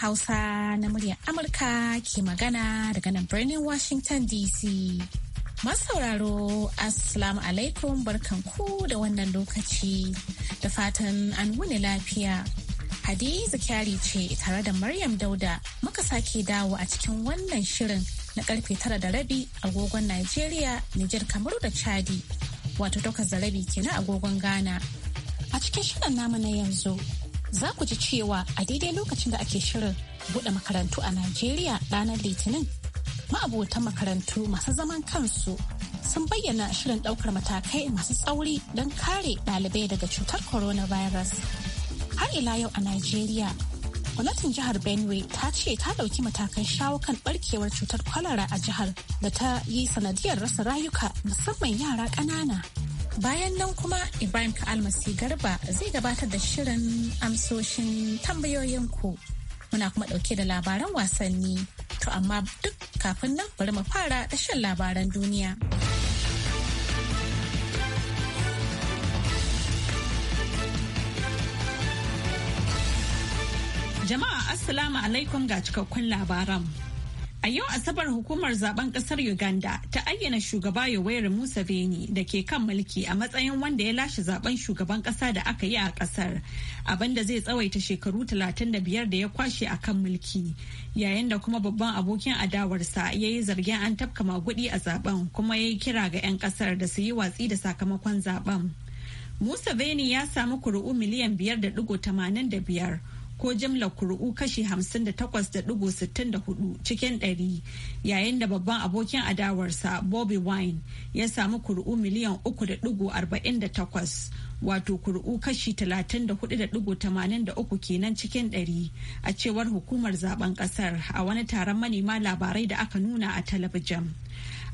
Hausa na muryar Amurka ke magana daga nan birnin Washington DC. Masauraro, Assalamu alaikum barkanku da wannan lokaci da fatan an wuni lafiya. Hadiza kyari ce tare da Maryam Dauda muka sake dawo a cikin wannan shirin na karfe tara da rabi agogon Najeriya, Nijar Kamaru da Chadi, wato takwas da rabi kenan agogon Ghana. A cikin shirin namu na yanzu za ku ji cewa a daidai lokacin da ake shirin buɗe makarantu a Najeriya ranar Litinin, ma'abotan makarantu masu zaman kansu sun bayyana shirin ɗaukar matakai masu tsauri don kare ɗalibai daga cutar coronavirus. Har ila yau a Najeriya, gwamnatin jihar Benue ta ce ta ɗauki matakan shawo kan ɓarkewar cutar kwalara a jihar da ta yi sanadiyar rasa rayuka musamman yara ƙanana. Bayan nan kuma Ibrahim kalmasi Garba zai gabatar da shirin amsoshin tambayoyin ku Muna kuma ɗauke da labaran wasanni. To amma duk kafin nan bari mu fara da labaran duniya. Jama'a Assalamu alaikum ga cikakkun labaran. A yau Asabar hukumar zaben kasar Uganda ta ayyana shugaba Yoweri Museveni da ke kan mulki a matsayin wanda ya lashe zaben shugaban kasa da aka yi a kasar, abinda zai tsawaita shekaru 35 da ya kwashe a kan mulki, yayin da kuma babban abokin adawarsa ya yi zargin an tafka magudi a zaben kuma ya yi kira ga 'yan kasar da su yi watsi da sakamakon zaben. Museveni ya samu kuri'u miliyan 5.85 ko jimla kuri'u kashi 58.64 cikin 100 yayin da babban abokin adawarsa Bobby Wine ya samu kuri'u miliyan 3.48 wato kuri'u kashi 34.83 kenan cikin 100 a cewar hukumar zaben kasar a wani taron manema labarai da aka nuna a talabijin.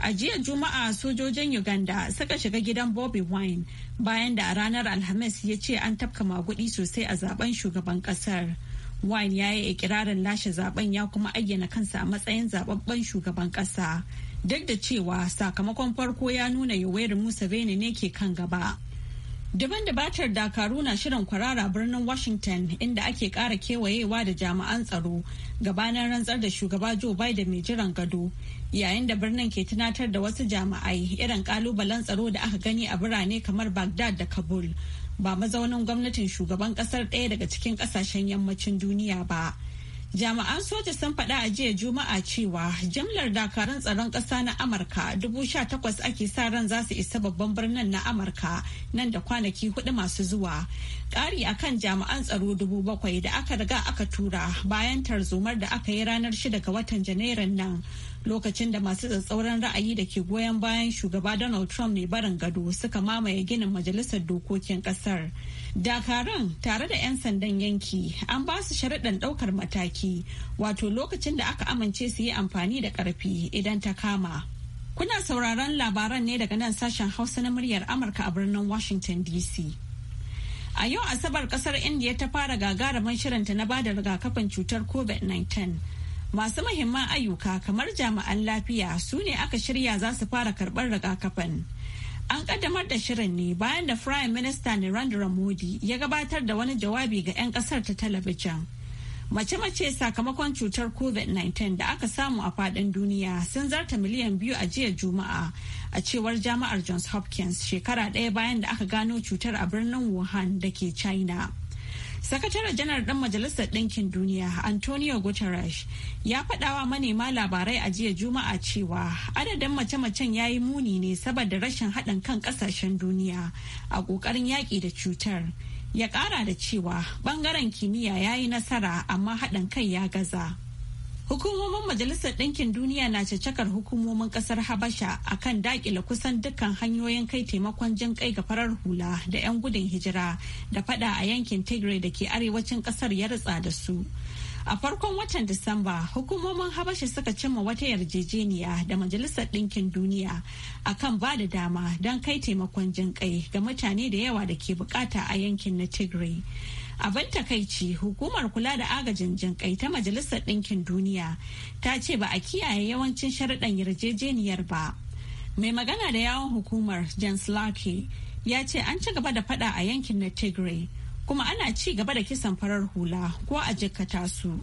A jiya Juma'a sojojin Uganda suka shiga gidan Bobby Wine bayan da a ranar Alhamis ya ce an tafka magudi sosai a zaben shugaban kasar. Wine ya yi ikirarin lashe zaben ya kuma ayyana kansa a matsayin zababben shugaban kasa. Duk da cewa sakamakon farko ya nuna Yoweri Museveni ne ke kan gaba. Daban da batar dakaru na shirin kwarara birnin Washington inda ake kara kewayewa da jami'an tsaro gabanin rantsar da shugaba Joe Biden mai jiran gado yayin da birnin ke tunatar da wasu jami'ai irin kalubalen tsaro da aka gani a birane kamar bagdad da Kabul ba mazaunin gwamnatin shugaban kasar ɗaya daga cikin kasashen yammacin duniya ba. Jami'an soja sun faɗa a jiya Juma'a cewa jimlar dakarun tsaron ƙasa na Amurka dubu sha takwas ake sa ran za su isa babban birnin na Amurka nan da kwanaki hudu masu zuwa. Ƙari a kan jami'an tsaro dubu bakwai da aka riga aka tura bayan tarzomar da aka yi ranar shida ga watan Janairun nan. lokacin da masu tsatsauran ra'ayi da ke goyon bayan shugaba donald trump ne barin gado suka mamaye ginin majalisar dokokin kasar dakaran tare da 'yan sandan yanki an ba su sharaɗin ɗaukar mataki wato lokacin da aka amince su yi amfani da ƙarfi idan ta kama kuna sauraron labaran ne daga nan sashen hausa na muryar amurka a birnin washington dc a yau asabar kasar india ta fara gagaraman shirinta na bada rigakafin cutar covid-19 masu mahimman ayyuka kamar jami'an lafiya su ne aka shirya za su fara karbar rigakafin. An kaddamar da shirin ne bayan da Prime Minister Narendra Modi ya gabatar da wani jawabi ga 'yan kasar ta talabijin. Mace-mace sakamakon cutar COVID-19 da aka samu a fadin duniya sun zarta miliyan biyu a jiya Juma'a a cewar jama'ar Johns Hopkins shekara ɗaya bayan da aka gano cutar a birnin Wuhan da ke China. sakataren janar ɗan majalisar ɗinkin duniya antonio guterres ya faɗawa manema labarai a jiya juma'a cewa adadin mace-macen ya yi muni ne saboda rashin haɗin kan ƙasashen duniya a ƙoƙarin yaƙi da cutar ya ƙara da cewa ɓangaren kimiyya ya yi nasara amma haɗin kai ya gaza Hukumomin Majalisar Ɗinkin Duniya na cacakar hukumomin ƙasar Habasha a kan daƙila kusan dukkan hanyoyin kai taimakon jin kai ga farar hula da 'yan gudun hijira da fada a yankin Tigray da ke arewacin ƙasar ya ritsa da su. A farkon watan Disamba, hukumomin Habasha suka cimma wata yarjejeniya da Majalisar Ɗinkin Duniya akan ba da dama don kai taimakon jin kai ga mutane da yawa da ke bukata a yankin na Tigray. Abin takaici hukumar kula da agajin jinƙaita ta Majalisar Ɗinkin Duniya ta ce ba a kiyaye yawancin sharaɗan yarjejeniyar ba. Mai magana da yawon hukumar Jan Slake, ya ce an ci gaba da fada a yankin na Tigray kuma ana ci gaba da kisan farar hula ko a jikkata su.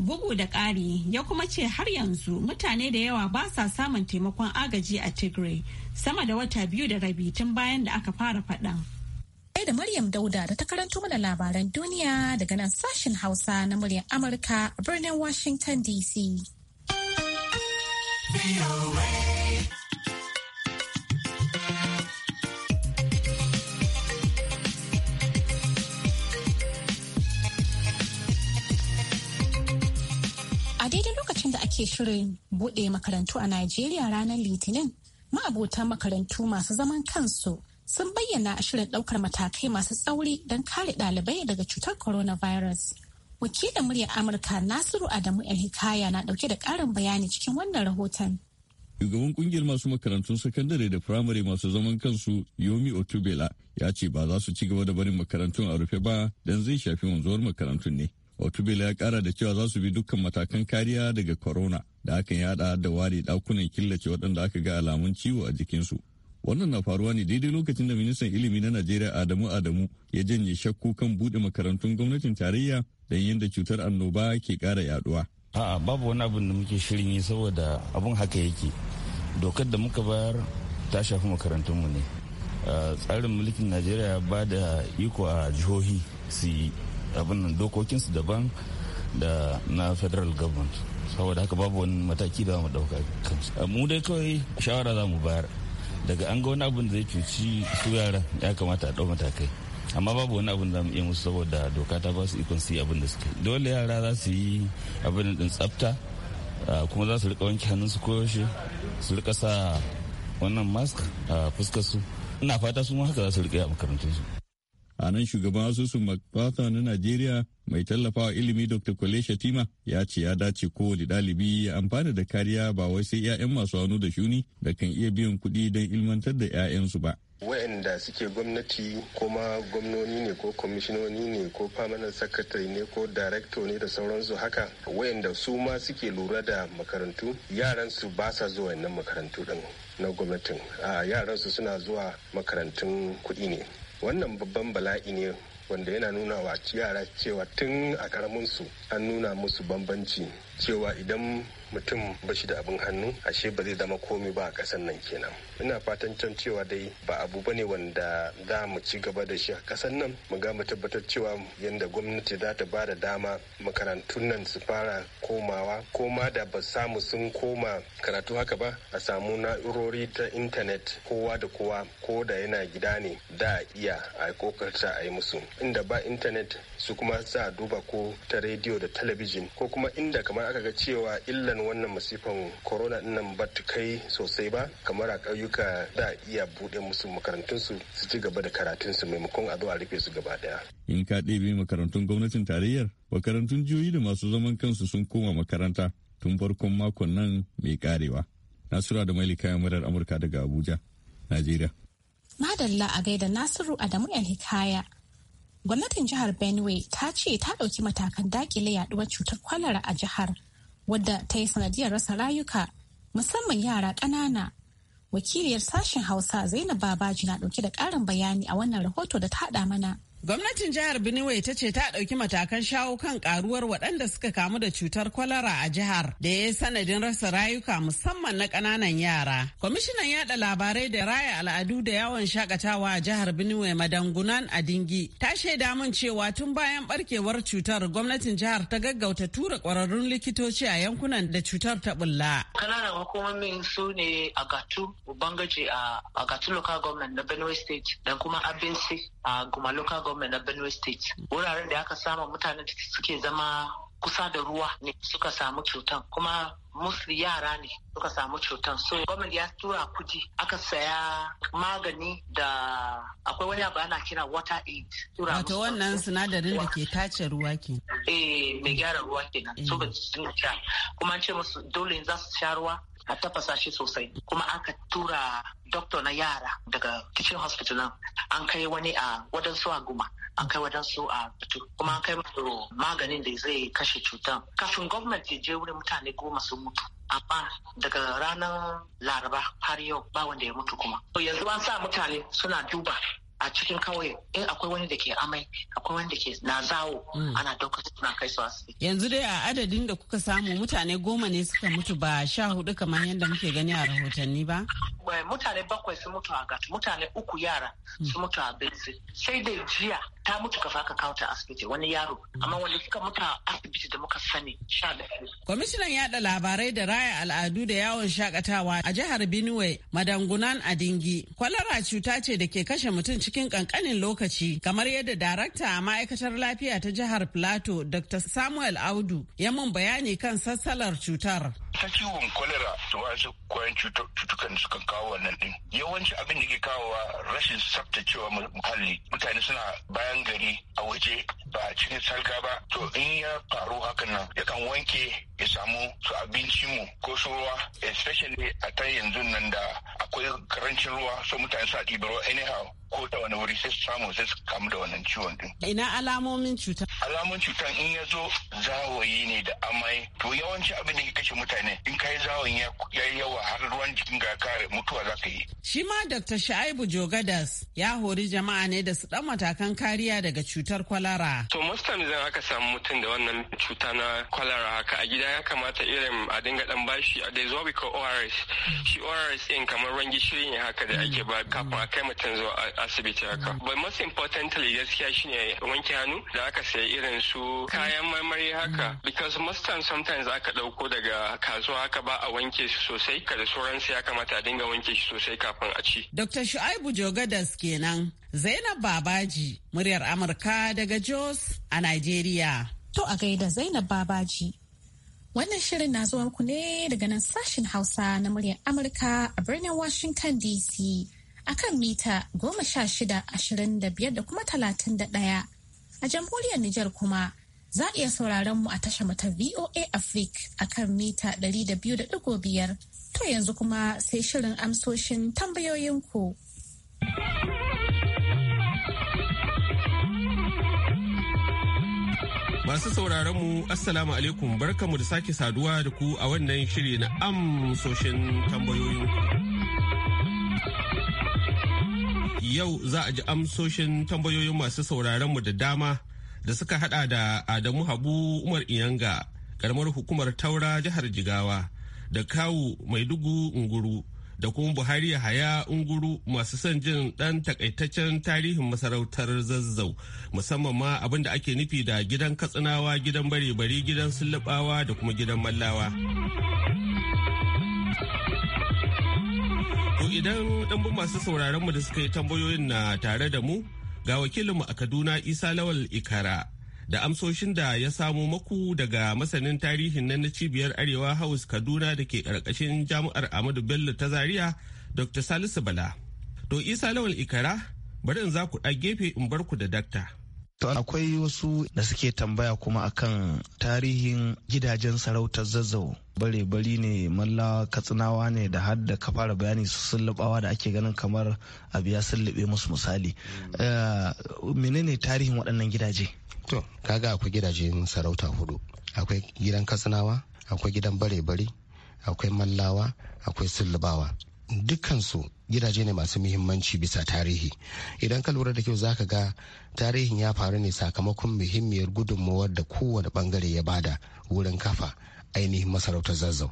Bugu da ƙari ya kuma ce har yanzu mutane da yawa ba sa samun taimakon agaji a Tigray sama da wata biyu da rabi tun bayan da aka fara faɗan. Ɗaya da Maryam Dauda da ta karanto mana labaran duniya daga nan sashen Hausa na muryar Amurka a birnin Washington DC. A daidai lokacin da ake shirin buɗe makarantu a Najeriya ranar Litinin, ma'abotan makarantu masu zaman kansu sun bayyana a shirin ɗaukar matakai masu tsauri don kare ɗalibai daga cutar coronavirus. Wakilin muryar Amurka Nasiru Adamu El Hikaya na ɗauke da ƙarin bayani cikin wannan rahoton. Shugaban kungiyar masu makarantun sakandare da firamare masu zaman kansu Yomi Otubela ya ce ba za su ci gaba da barin makarantun a rufe ba don zai shafi wanzuwar makarantun ne. Otubela ya kara da cewa za su bi dukkan matakan kariya daga corona da hakan ya da ware dakunan killace waɗanda aka ga alamun ciwo a jikinsu Wannan na faruwa ne daidai lokacin da ministan ilimi na Najeriya Adamu Adamu ya janye shakku kan buɗe makarantun gwamnatin tarayya don yadda cutar annoba ke ƙara yaduwa. A'a babu wani abin da muke shirin yi saboda abun haka yake. Dokar da muka bayar ta shafi mu ne. Tsarin mulkin Najeriya ba da iko a jihohi su yi abin nan dokokinsu daban da na federal government saboda haka babu wani mataki da mu dauka mu dai kawai shawara za mu bayar daga an ga wani abin da zai cuci su yaran ya kamata a ɗau matakai amma babu wani abin da mu iya musu saboda doka ta ba su ikon su yi abin da suke dole yara za su yi abin din tsafta kuma za su rika wanke hannun su koyaushe su rika sa wannan mask a fuskar su ina fata su ma haka za su rika a makarantun su a nan shugaban asusun makfata na najeriya mai tallafawa ilimi dr kwale shatima ya ce ya dace kowane dalibi ya amfana da kariya ba wai sai 'ya'yan masu hannu da shuni da kan iya biyan kuɗi don ilmantar da 'ya'yansu ba waɗanda suke gwamnati kuma gwamnoni ne ko kwamishinoni ne ko permanent secretary ne ko director ne da sauransu haka waɗanda su ma suke lura da makarantu yaransu su ba sa zuwa wannan makarantu din na gwamnatin yaran su suna zuwa makarantun kuɗi ne wannan babban bala'i ne wanda yana nuna wa yara cewa tun a karamin su an nuna musu bambanci cewa idan mutum ba shi da abin hannu ashe ba zai zama komi ba a kasan nan kenan ina fatan can cewa dai ba abu ba ne wanda za mu ci gaba da shi a kasan nan mu ga mu tabbatar cewa yadda gwamnati za ta ba da dama makarantun nan su fara komawa ko ma da ba samu sun koma karatu haka ba a samu na'urori ta intanet kowa da kowa ko da yana gida ne da iya a kokarta a yi musu inda ba intanet su kuma sa duba ko ta rediyo da talabijin ko kuma inda kamar aka ga cewa illan wannan masifan corona nan ba ta kai sosai ba kamar a ƙauyuka da iya buɗe musu makarantunsu su ci gaba da karatunsu maimakon a zo a rufe su gaba ɗaya. in ka ɗebe makarantun gwamnatin tarayyar makarantun jihohi da masu zaman kansu sun koma makaranta tun farkon makon nan mai karewa nasura da mai kayan murar amurka daga abuja najeriya madalla a gaida nasiru adamu yan hikaya gwamnatin jihar benue ta ce ta ɗauki matakan dakile yaduwar cutar kwalara a jihar wadda ta yi sanadiyar rasa rayuka musamman yara ƙanana. Wakiliyar sashen Hausa Zainab Babaji na ɗauke da ƙarin bayani a wannan rahoto da ta haɗa mana. Gwamnatin jihar Benue ta ce ta ɗauki matakan shawo kan karuwar waɗanda suka kamu da cutar kwalara a jihar da ya yi sanadin rasa rayuka musamman na ƙananan yara. Kwamishinan yaɗa labarai da raya al'adu da yawon shakatawa a jihar Benue madangunan a dingi ta shaida min cewa tun bayan barkewar cutar gwamnatin jihar ta gaggauta tura ƙwararrun likitoci a yankunan da cutar ta bulla. Ƙananan hukumomin su ne a Gatu, Ubangaji a Gatu Local Government na Benue State da kuma abinci a kuma Local Government Government na Benue State. Wuraren da aka samu mutanen da suke zama kusa da ruwa ne suka samu cutan kuma musli yara ne suka samu cutan so gwamnati ya tura kudi aka saya magani da akwai wani abu ana kira water aid tura wato wannan sinadarin da ke tace ruwa ke eh mai gyara ruwa kenan so eh. ba su kuma an ce musu dole za su sha ruwa a tafasa shi sosai kuma aka tura doktor na yara daga kitchen hospital nan an kai wani a wadansu a guma an kai wadansu a batu kuma an kai maganin da zai kashe cutan kafin gwamnati je wurin mutane goma sun mutu amma daga ranar laraba har yau ba wanda ya mutu kuma yanzu an sa mutane suna duba a cikin kawai in akwai wani da ke amai akwai wani da ke na zawo mm. ana daukar suna kai su asibiti. Yanzu dai a adadin da kuka samu mutane goma ne suka mutu ba sha hudu kamar yadda muke gani a rahotanni ba? Mutane bakwai sun mutu a gatu mutane uku yara mm. sun mutu a benzi sai dai jiya ta mutu kafa ka kawo ta asibiti wani yaro amma wani suka mutu a asibiti da muka sani sha da Kwamishinan yaɗa labarai da raya al'adu da yawon shakatawa a jihar Benue madangunan Adingi kwalara cuta ce da ke kashe mutum cikin cikin kankanin lokaci kamar yadda darakta a ma'aikatar lafiya ta jihar Plateau Dr. Samuel Audu ya mun bayani kan sassalar cutar. ta ciwon kwalera da wasu kwayan cutukan da suka kawo wannan din yawanci abin da ke kawowa rashin tsaftacewa muhalli mutane suna bayan gari a waje ba cikin salga ba to in ya faru hakan nan kan wanke ya samu su abinci mu ko su ruwa especially a ta yanzu nan da akwai karancin ruwa so mutane suna ɗiba ruwa anyhow ko ta wani wuri sai su samu sai su kamu da wannan ciwon din. Ina alamomin cutar? Alamomin cutar in ya zo zawayi ne da amai to yawanci abin da ke kashe mutane ne in ka zawon ya yi yawa har ruwan jikin ga kare mutuwa za ka yi. shi ma dr sha'ibu jogadas ya hori jama'a ne da su dan matakan kariya daga cutar kwalara. to most times idan aka samu mutum da wannan cuta na kwalara haka a gida ya kamata irin a dinga dan bashi dai zuwa bi ors shi ors din kamar ruwan gishiri ya haka da ake ba kafin a kai mutum zuwa asibiti haka mm. but most importantly gaskiya shine wanke hannu da aka sayi irin su kayan marmari haka mm. because most times sometimes aka ɗauko daga kasuwa haka ba a wanke shi sosai kada da sauransu ya kamata a dinga wanke shi sosai kafin a ci. Dr. Shu'aibu Jogadas kenan Zainab Babaji muryar Amurka daga Jos a Najeriya. To a gaida Zainab Babaji. Wannan shirin na zuwa ku ne daga nan sashen Hausa na muryar Amurka a birnin Washington DC. akan mita goma sha shida ashirin da biyar da kuma talatin da ɗaya a jamhuriyar Nijar kuma Za a iya sauraron mu a tashar mata VOA Africa a kan mita 200.5. To yanzu kuma sai shirin amsoshin tambayoyinku. Masu sauraron mu Assalamu alaikum barkamu da sake saduwa da ku a wannan shiri na amsoshin tambayoyinku. yau za a ji amsoshin tambayoyin masu mu da dama da suka hada da Adamu Habu Umar Iyanga, karamar hukumar Taura jihar Jigawa, da Kawu Maidugu Unguru, da kuma Buhari Yahaya Unguru masu son jin ɗan takaitaccen tarihin masarautar zazzau, musamman ma abin da ake nufi da gidan Katsinawa, gidan bare-bari, gidan Sullubawa da kuma gidan Mallawa. To idan ɗanbun masu sauraron mu da suka yi tambayoyin na tare da mu, Ga wakilinmu a Kaduna Isa Lawal Ikara da amsoshin da ya samu maku daga masanin tarihin nan na cibiyar Arewa House Kaduna da ke karkashin jami'ar Ahmadu Bello ta Zaria Dr. Salisu Bala. To Isa Lawal Ikara bari in za ku ɗa gefe in bar ku da dakta. To akwai wasu da suke tambaya kuma akan tarihin gidajen sarautar zazzau bare-bari ne malla katsinawa ne da har ka fara bayani su sullubawa da ake ganin kamar abu ya sullube musu misali eh, menene tarihin waɗannan gidaje to kaga akwai gidajen sarauta hudu akwai gidan katsinawa akwai gidan bare-bari akwai mallawa akwai sullubawa dukansu gidaje ne masu muhimmanci bisa tarihi idan ka lura da kyau za ka ga tarihin ya faru ne sakamakon muhimmiyar gudunmawar da kowane bangare ya bada wurin kafa ainihin masarautar zazzau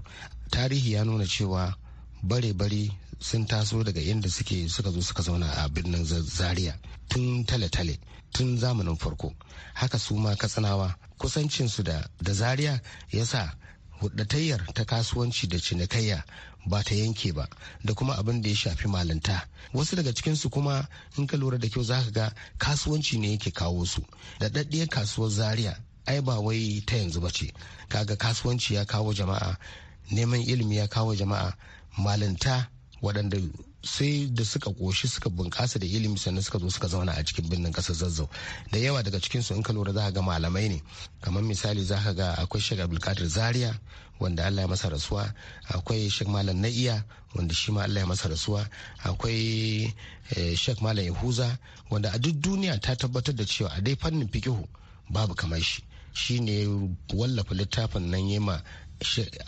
tarihi ya nuna cewa bare-bare sun taso daga inda suke suka zo suka zauna a birnin zaria tun tale-tale tun zamanin farko haka su ma katsinawa kusancinsu da zaria ya sa hudatayyar ta kasuwanci da cinikayya ba ta yanke ba da kuma abin da ya shafi malanta wasu daga cikinsu kuma in ka lura da kyau za ka ga kasuwanci ne yake kawo su da daddiyar kasuwar zaria ai ba wai ta yanzu ba ce kaga kasuwanci ya kawo jama'a neman ilimi ya kawo jama'a malanta waɗanda sai da suka koshi suka bunƙasa da ilimi sannan suka zo suka zauna a cikin birnin ƙasar zazzau da yawa daga cikin su in ka lura za ga malamai ne kamar misali za ka ga akwai shek abdulkadir zaria wanda allah ya masa rasuwa akwai shek malam na'iya wanda shi ma allah ya masa rasuwa akwai eh, shek malam yahuza wanda a duk duniya ta tabbatar da cewa a dai fannin fikihu babu kamar shi shine wallafa littafin nan yema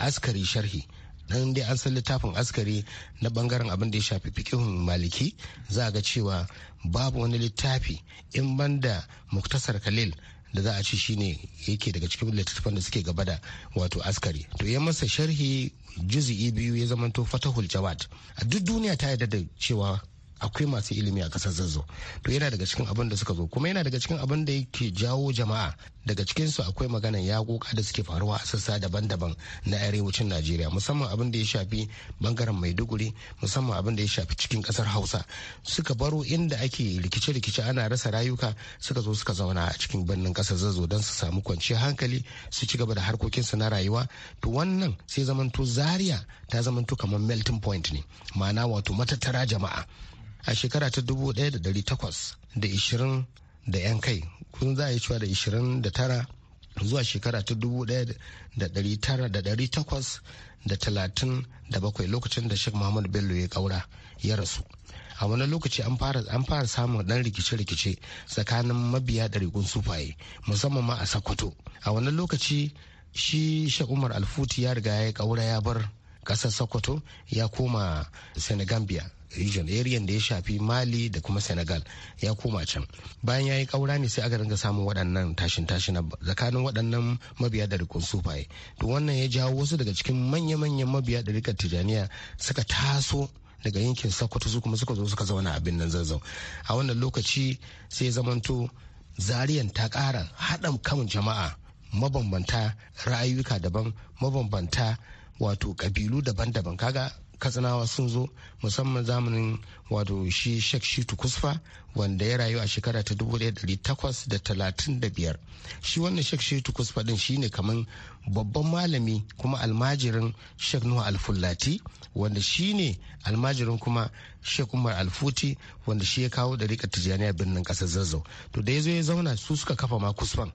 askari sharhi dan dai an san littafin askari na bangaren abin da ya shafi fikihun maliki za a ga cewa babu wani littafi in banda muktasar khalil da za a ci shine yake daga cikin littattafan da suke gaba da wato askari to ya masa sharhi juzi'i biyu ya zamanto fatahul jawad a duk duniya ta yarda da cewa akwai masu ilimi a kasar zazzau to yana daga cikin abin da suka zo kuma yana daga cikin abin da yake jawo jama'a daga cikin su akwai maganan yakoka da suke faruwa a sassa daban-daban na arewacin najeriya musamman abin da ya shafi bangaren maiduguri musamman abin da ya shafi cikin kasar hausa suka baro inda ake rikice-rikice ana rasa rayuka suka zo suka zauna a cikin birnin kasar zazzau don su samu kwanciyar hankali su ci gaba da harkokinsu na rayuwa to wannan sai zamanto zaria ta zamanto kamar melting point ne ma'ana wato matattara jama'a a shekara ta 1820 da da 'yan kai kun za a yi cewa da 29 zuwa shekara ta 1900 da talatin da bakwai lokacin da Sheikh Muhammad Bello ya kaura ya rasu. A wani lokaci an fara samun dan rikice-rikice tsakanin mabiya rigun sufaye musamman ma a Sokoto. A wani lokaci shi shek Umar Alfuti ya riga ya kaura ya bar ƙasar Sokoto ya koma Senegambia region area da ya shafi mali da kuma senegal ya koma can bayan ya yi kaura ne sai aka dinga samun waɗannan tashin tashin tsakanin waɗannan mabiya da rikon sufaye to wannan ya jawo wasu daga cikin manya-manyan mabiya da rikon tijaniya suka taso daga yankin sokoto su kuma suka zo suka zauna a birnin zazzau a wannan lokaci sai zamanto zariyan ta ƙara haɗa kan jama'a mabambanta ra'ayuka daban mabambanta wato ƙabilu daban-daban kaga katsinawa sun zo musamman zamanin wato shi shek shitu kusfa wanda ya rayu a shekara ta 1835 shi wannan shek shitu kusfa din shine kamar babban malami kuma almajirin shek nuhu alfullati wanda shine almajirin kuma shek umar alfuti wanda shi ya kawo dariƙar tijjaniya birnin ƙasar zazzau to da ya zo ya zauna su suka kafa ma kusfan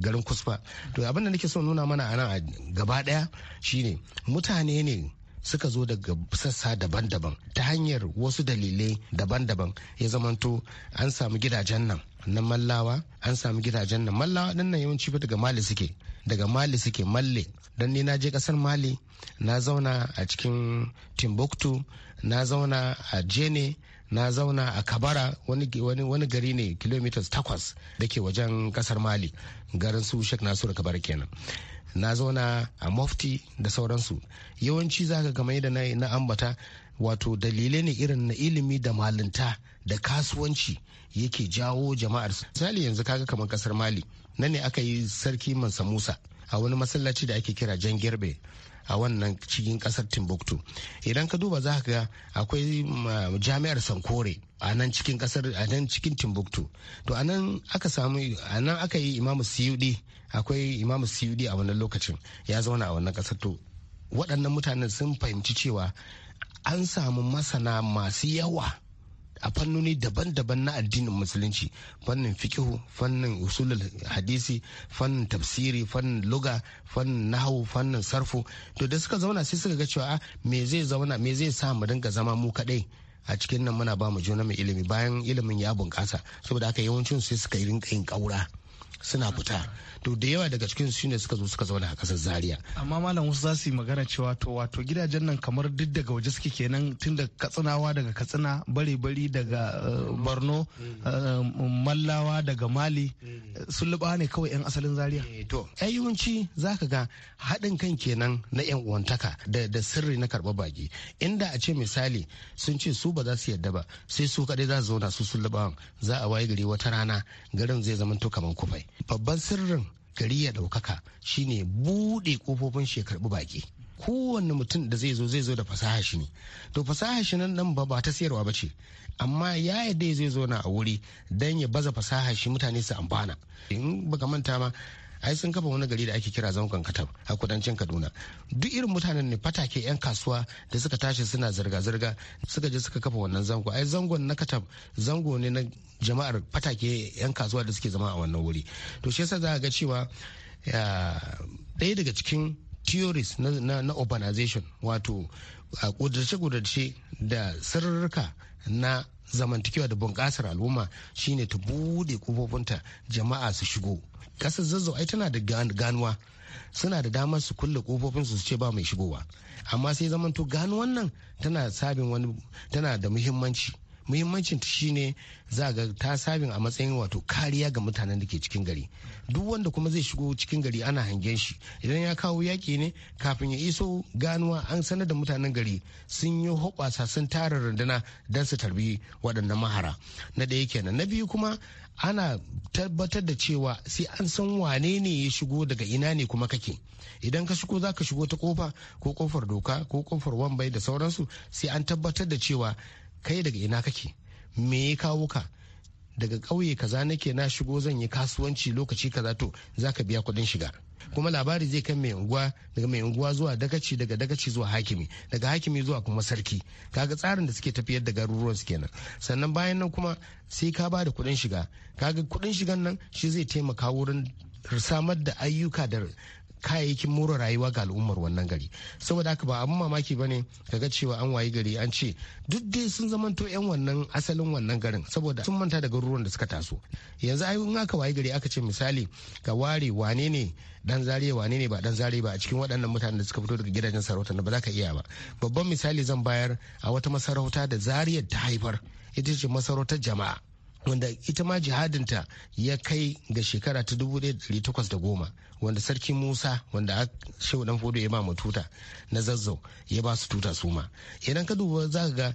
garin kusfa to abin da nake so nuna mana a nan gaba ɗaya shine mutane ne suka zo daga sassa daban-daban ta hanyar wasu dalilai daban-daban ya zamanto an samu gidajen nan na mallawa an samu gidajen nan mallawa din nan yawanci ba daga mali suke daga mali suke malle don ni na je kasar mali na zauna a cikin timbuktu na zauna a jene na zauna a kabara wani, gari ne kilomitas takwas da ke wajen kasar mali garin su shek nasiru kabara kenan na zauna a mufti da sauransu yawanci zaka gama da na ambata wato dalilai ne irin na ilimi da malinta da kasuwanci yake jawo jama'ar misali yanzu kaga kamar kasar mali nan ne aka yi sarki mansa musa a wani masallaci da ake kira jan girbe a wannan cikin kasar timbuktu idan ka duba za ka ga akwai mm, ah, jami'ar sankore a nan cikin kasar a nan cikin timbuktu to a nan aka samu a nan aka yi imamu siyudi akwai imamu siyudi a wannan lokacin ya zauna a wannan kasar to waɗannan mutanen sun fahimci cewa an samu masana masu yawa a fannoni daban-daban na addinin musulunci fannin fikihu fannin usulul hadisi fannin tafsiri fannin luga fannin nahawu fannin sarfu to da suka zauna sai suka ga cewa ah, me zai zauna me zai sa mu dinga zama mu kadai a cikin nan muna ba mu juna mai ilimi bayan ilimin ya bunƙasa saboda haka yawancin sai suka rinka yin ƙaura suna fita to da yawa daga cikin su ne suka zo suka zauna a kasar zaria amma malam wasu za su yi magana cewa to wato gidajen nan kamar duk daga waje suke kenan tun da katsinawa daga katsina bare bari daga eh, borno mm. eh, mallawa daga mali mm. sun luba ne kawai yan asalin zaria eh, to ayyuci za ka ga haɗin kan kenan na yan uwantaka da sirri na karɓar baki inda a ce misali sun ce su ba za su yadda ba sai su kaɗai za su zauna su sun za a waye gari wata rana garin zai zama to kamar kufai babban sirrin gari ya ɗaukaka shine buɗe kofofin shi karɓi baƙi kowanne mutum da zai zo zai zo da fasaha shi ne to fasaha shi nan nan ba ba ta sayarwa ba ce amma ya yadda zai zo na a wuri don ya baza fasaha shi mutane su amfana in baka manta ma ai sun kafa wani gari da ake kira zangon katab a kudancin kaduna duk irin mutanen ne fatake yan kasuwa da suka tashi suna zirga-zirga suka je suka kafa wannan zango ai zangon na katab zango ne na jama'ar fatake yan kasuwa da suke zama a wannan wuri to shi yasa za ga cewa ɗaya daga cikin theories na, na, urbanization wato a kudurce-kudurce da sirrika na zamantakewa da bunƙasar al'umma shine ta buɗe kofofinta jama'a su shigo kasar zazzau ai tana da ganuwa suna da damar su kulle kofofin su ce ba mai shigowa amma sai zamanto ganuwan nan tana sabin wani tana da muhimmanci muhimmancin ta shine za ga ta sabin a matsayin wato kariya ga mutanen da ke cikin gari duk wanda kuma zai shigo cikin gari ana hangen shi idan ya kawo yaki ne kafin ya iso ganuwa an sanar da mutanen gari sun yi hoɓasa sun tara runduna don su tarbi waɗannan mahara na ɗaya kenan na biyu kuma ana tabbatar da cewa sai an san wane ne ya shigo daga ina ne kuma kake idan ka shigo za ka shigo ta kofa ko kofar doka ko kofar wambai da sauransu sai an tabbatar da cewa kai daga ina kake me ya kawo ka daga ƙauye kaza nake na shigo zan yi kasuwanci lokaci kaza to zaka biya kuɗin shiga kuma labari zai kan mai unguwa daga mai unguwa zuwa dagaci daga dagaci zuwa hakimi daga hakimi zuwa kuma sarki kaga tsarin da suke tafiyar da garuruwan su kenan sannan bayan nan kuma sai ka bada da kuɗin shiga kaga kuɗin shigan nan shi zai taimaka wurin samar da ayyuka da kayayyakin more rayuwa ga al'ummar wannan gari saboda haka ba abin mamaki bane ga cewa an wayi gari an ce duk dai sun zamanto yan wannan asalin wannan garin saboda sun manta da garuruwan da suka taso yanzu ai in aka wayi gari aka ce misali ga ware wane ne dan zare wane ne ba dan zare ba a cikin waɗannan mutanen da suka fito daga gidajen sarauta ba za ka iya ba babban misali zan bayar a wata masarauta da zariyar ta haifar ita ce masarautar jama'a wanda ita ma jihadinta ya kai ga shekara ta 1810 wanda sarki musa wanda shehu dan fodo ya ba tuta na zazzau ya ba su tuta suma idan ka duba za ga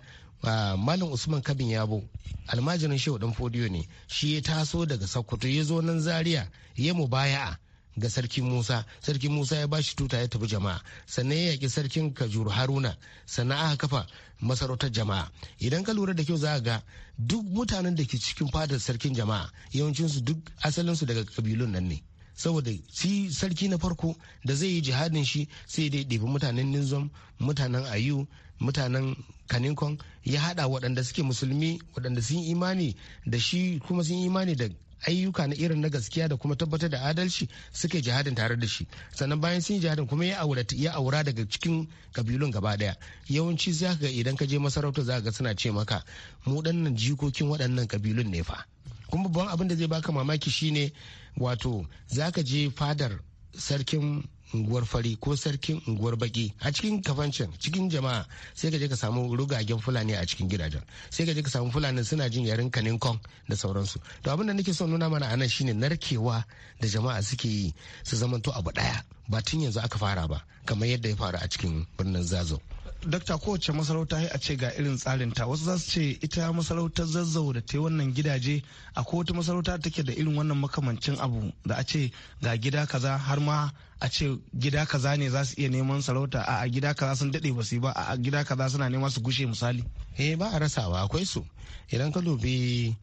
malam usman kabin yabo almajirin shehu dan fodiyo ne shi ya taso daga sokoto ya zo nan zaria ya mubaya'a ga sarki musa sarki musa ya bashi tuta ya tafi jama'a sannan ya yaƙi sarkin kajuru haruna sannan aka kafa masarautar jama'a idan ka lura da kyau za ga duk mutanen da ke cikin fadar sarkin jama'a yawancinsu duk asalinsu daga kabilun nan ne saboda shi sarki na farko da zai yi jihadin shi sai dai ɗebi mutanen ninzom mutanen ayu mutanen kaninkon ya hada waɗanda suke musulmi waɗanda sun imani da shi kuma sun imani da ayyuka na irin na gaskiya da kuma tabbatar da adalci suke jihadin tare da shi sannan bayan sun yi jihadin kuma ya aura ya aura daga cikin kabilun gaba daya yawanci za ga idan ka je masarauta za ga suna ce maka mu dannan jikokin waɗannan kabilun ne fa kuma babban abin da zai baka mamaki shine wato za ka je fadar sarkin unguwar fari ko sarkin unguwar baki a cikin kafancin cikin jama'a sai ka je ka samu rugagen fulani a cikin gidajen sai ka je ka samu fulani suna jin yarin kanin kong da sauransu to abin da nake son nuna mana anan shine narkewa da jama'a suke yi su zamanto abu daya ba tun yanzu aka fara ba kamar yadda ya faru a cikin birnin zazo dakta kowace masarauta a ce ga irin tsarin ta wasu za su ce ita masarautar zazzau da ta wannan gidaje a wata masarauta take da irin wannan makamancin abu da a ce ga gida kaza har ma a ce gida kaza ne za su iya neman sarauta a gida kaza sun daɗe ba su ba a gida kaza suna neman su gushe misali eh ba a rasawa akwai su idan ka dubi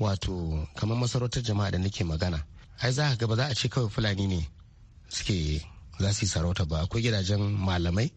wato kamar masarautar jama'a da nake magana ai za ka ga ba za a ce kawai fulani ne suke za su yi sarauta ba akwai gidajen malamai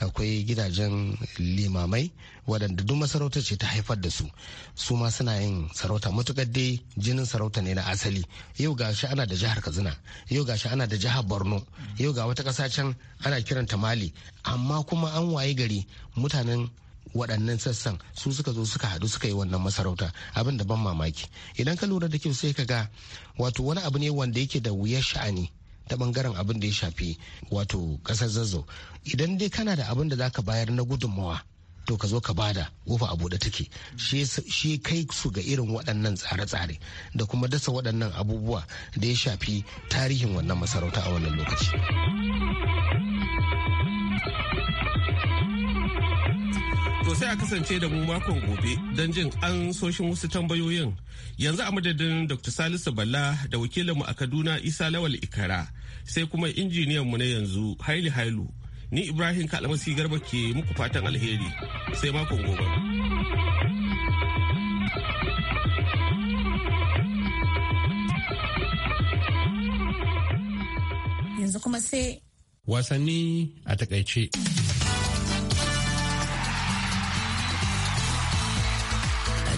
akwai gidajen limamai waɗanda duk masarauta ce ta haifar da su su ma suna yin sarauta matukar dai jinin sarauta ne na asali yau ga shi ana da jihar kazina yau ga shi ana da jihar borno yau ga wata ƙasa can ana kiranta mali amma kuma an waye gari mutanen waɗannan sassan su suka zo suka haɗu suka yi wannan masarauta abin da ban mamaki idan ka lura da kyau sai ka ga wato wani abu ne wanda yake da wuyar sha'ani ta bangaren abin da ya shafi wato kasar zazzau idan dai kana da abin da za ka bayar na gudunmawa to ka zo ka bada kofa a buɗe take shi kai su ga irin waɗannan tsare-tsare da kuma dasa waɗannan abubuwa da ya shafi tarihin wannan masarauta a wannan lokaci. To sai a kasance da mu makon gobe don jin an soshin wasu tambayoyin. Yanzu a madadin Dr. Salisu Balla da wakilinmu a Kaduna Isa Lawal Ikara sai kuma injiniyan mu na yanzu Haili Hailu. Ni Ibrahim kalamasi Garba ke muku fatan alheri sai makon gobe. Yanzu kuma sai wasanni a takaice.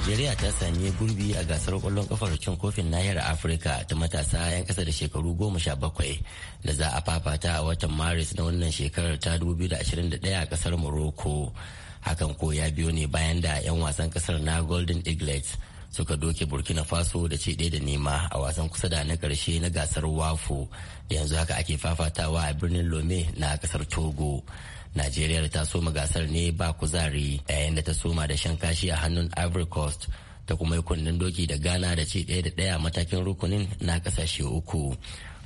Najeriya ta sanye gurbi a gasar kwallon kafar cin kofin nahiyar Afirka ta matasa 'yan kasa da shekaru goma sha bakwai da za a fafata a watan Maris na wannan shekarar ta 2021 a kasar Morocco. Hakan ko ya biyo ne bayan da 'yan wasan kasar na Golden Eaglets suka doke Burkina Faso da ce ɗaya da nema a wasan kusa da na karshe na gasar wafo da yanzu haka ake fafatawa a birnin Lome na kasar Togo. najeriya ta soma gasar ne ba kuzari yayin da ta soma da shan kashi a hannun ivory coast ta kuma yi kunnen doki da ghana da ci ɗaya da ɗaya matakin rukunin na kasashe uku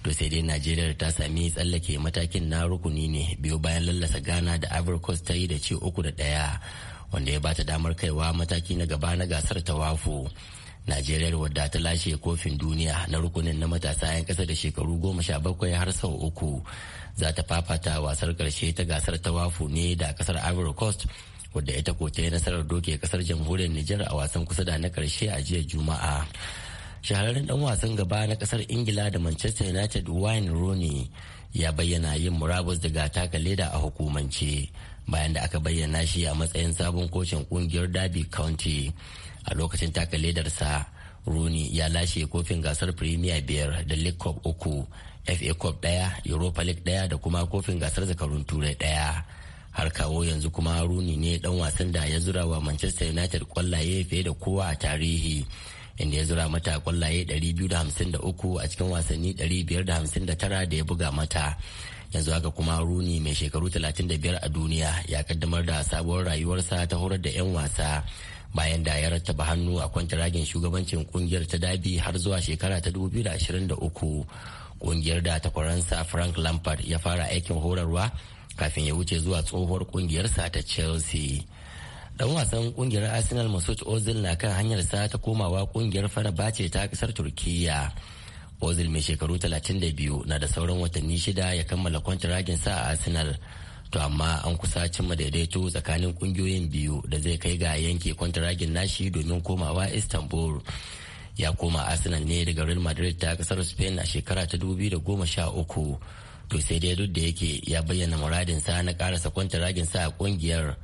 to sai dai najeriya ta sami tsallake matakin na rukuni ne biyu bayan lallasa ghana da ivory coast ta yi da ci uku da ɗaya wanda ya ba ta damar kaiwa mataki na gaba na gasar ta wafu Najeriya wadda ta lashe kofin duniya na rukunin na matasa 'yan kasa da shekaru goma sha bakwai har sau uku za ta fafata wasar karshe ta gasar tawafu ne da kasar Ivory Coast wadda ita ko ta yi nasarar doke kasar jamhuriyar Nijar a wasan kusa da na karshe a jiya Juma'a. Shahararren dan wasan gaba na kasar Ingila da Manchester United Wayne Rooney ya bayyana yin murabus daga taka leda a hukumance bayan da aka bayyana shi a matsayin sabon kocin kungiyar Derby County. a lokacin taka ledarsa rooney ya lashe kofin gasar premier biyar da league cup uku fa cup daya europa league daya da kuma kofin gasar zakarun turai ɗaya. har kawo yanzu kuma rooney ne ɗan wasan da ya zura wa manchester united kwallaye fiye da kowa a tarihi inda ya zura mata kwallaye 253 a cikin wasanni 559 da ya buga mata yanzu haka kuma runi mai shekaru 35 a duniya ya kaddamar da sabuwar rayuwarsa ta horar da 'yan wasa bayan da ya rattaba hannu a kwantaragin shugabancin kungiyar ta dabi har zuwa shekara ta 2023 kungiyar da ta faransa frank lampard ya fara aikin horarwa kafin ya wuce zuwa tsohuwar kungiyarsa ta chelsea dan wasan kungiyar arsenal Masoud ozil na kan hanyarsa ta komawa kungiyar farabace ta kasar turkiya ozil mai shekaru 32 na da sauran watanni shida ya kammala kwantaragin sa a arsenal to amma an kusa cimma daidaito tsakanin kungiyoyin biyu da zai kai ga yanke kwantaragin nashi domin komawa istanbul ya koma arsenal ne daga real madrid ta kasar spain a shekara ta 2013 to sai dai duk da yake ya bayyana muradinsa na karasa kwantaraginsa a kungiyar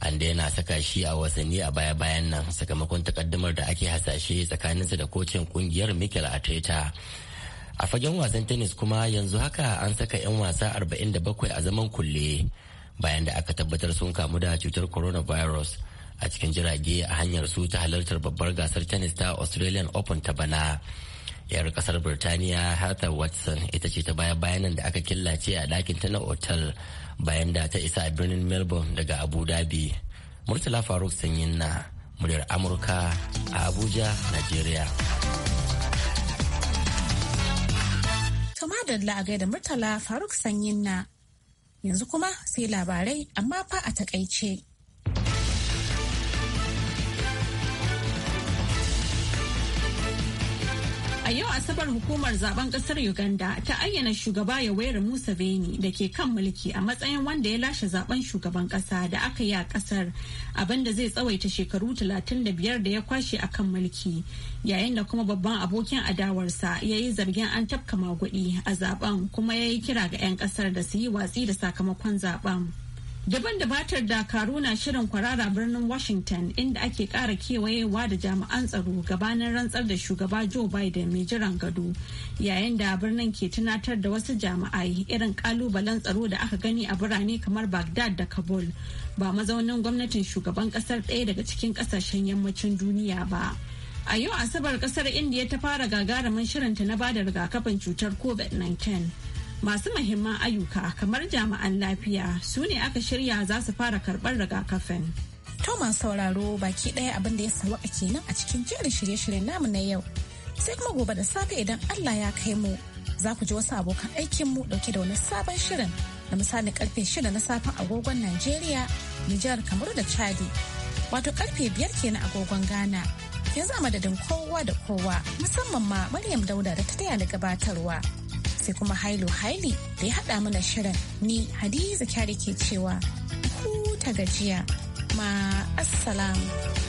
an daina saka shi a wasanni a baya-bayan nan sakamakon takaddamar da ake hasashe tsakaninsa da kocin kungiyar mikel arteta a fagen wasan tennis kuma yanzu haka an saka 'yan wasa 47 a zaman kulle bayan da aka tabbatar sun kamu da cutar coronavirus a cikin jirage a hanyar su ta halartar babbar gasar tennis ta australian open ta bana yar kasar birtaniya Heather watson ita ce ta baya bayanan da aka killace a ɗakin ta na otal bayan da ta isa a birnin melbourne daga abu dhabi murtala faruk sanyin na muryar amurka a abuja nigeria da a da Murtala Faruk Sanyin na. Yanzu kuma sai labarai amma fa a takaice. A yau Asabar hukumar zaben kasar Uganda ta ayyana shugaba Musa Beni da ke kan mulki a matsayin wanda ya lashe zaben shugaban kasa da aka yi a kasar abinda zai tsawaita shekaru 35 da ya kwashe a kan mulki yayin da kuma babban abokin adawarsa ya yi zargin an tafka magudi a zaben kuma ya yi kira ga 'yan kasar da su yi watsi da sakamakon zaben. Daban da batar Dakaru na shirin kwarara birnin Washington inda ake kara kewayewa da jami'an tsaro gabanin rantsar da shugaba Joe Biden mai jiran gado yayin da birnin ke tunatar da wasu jami'ai irin kalubalen tsaro da aka gani a birane kamar Baghdad da Kabul ba mazaunin gwamnatin shugaban kasar ɗaya daga cikin kasashen yammacin duniya ba. A yau Asabar ƙasar Indiya ta fara gagarumin shirinta na bada rigakafin cutar COVID-19. masu mahimman ayyuka kamar jami'an lafiya su ne aka shirya za su fara karɓar rigakafin. Thomas sauraro baki ɗaya abin da ya a kenan a cikin jerin shirye-shiryen namu na yau. Sai kuma gobe da safe idan Allah ya kai mu za ku ji wasu abokan aikinmu ɗauke da wani sabon shirin na misali karfe shida na safen agogon Najeriya, Nijar, Kamaru da Chadi. Wato karfe biyar kenan agogon Ghana. Yanzu a madadin kowa da kowa musamman ma Maryam Dauda da ta taya da gabatarwa. sai kuma Hailu Haili da ya haɗa mana shirin ni Hadiza Kyari ke cewa ku ta gajiya ma assalamu.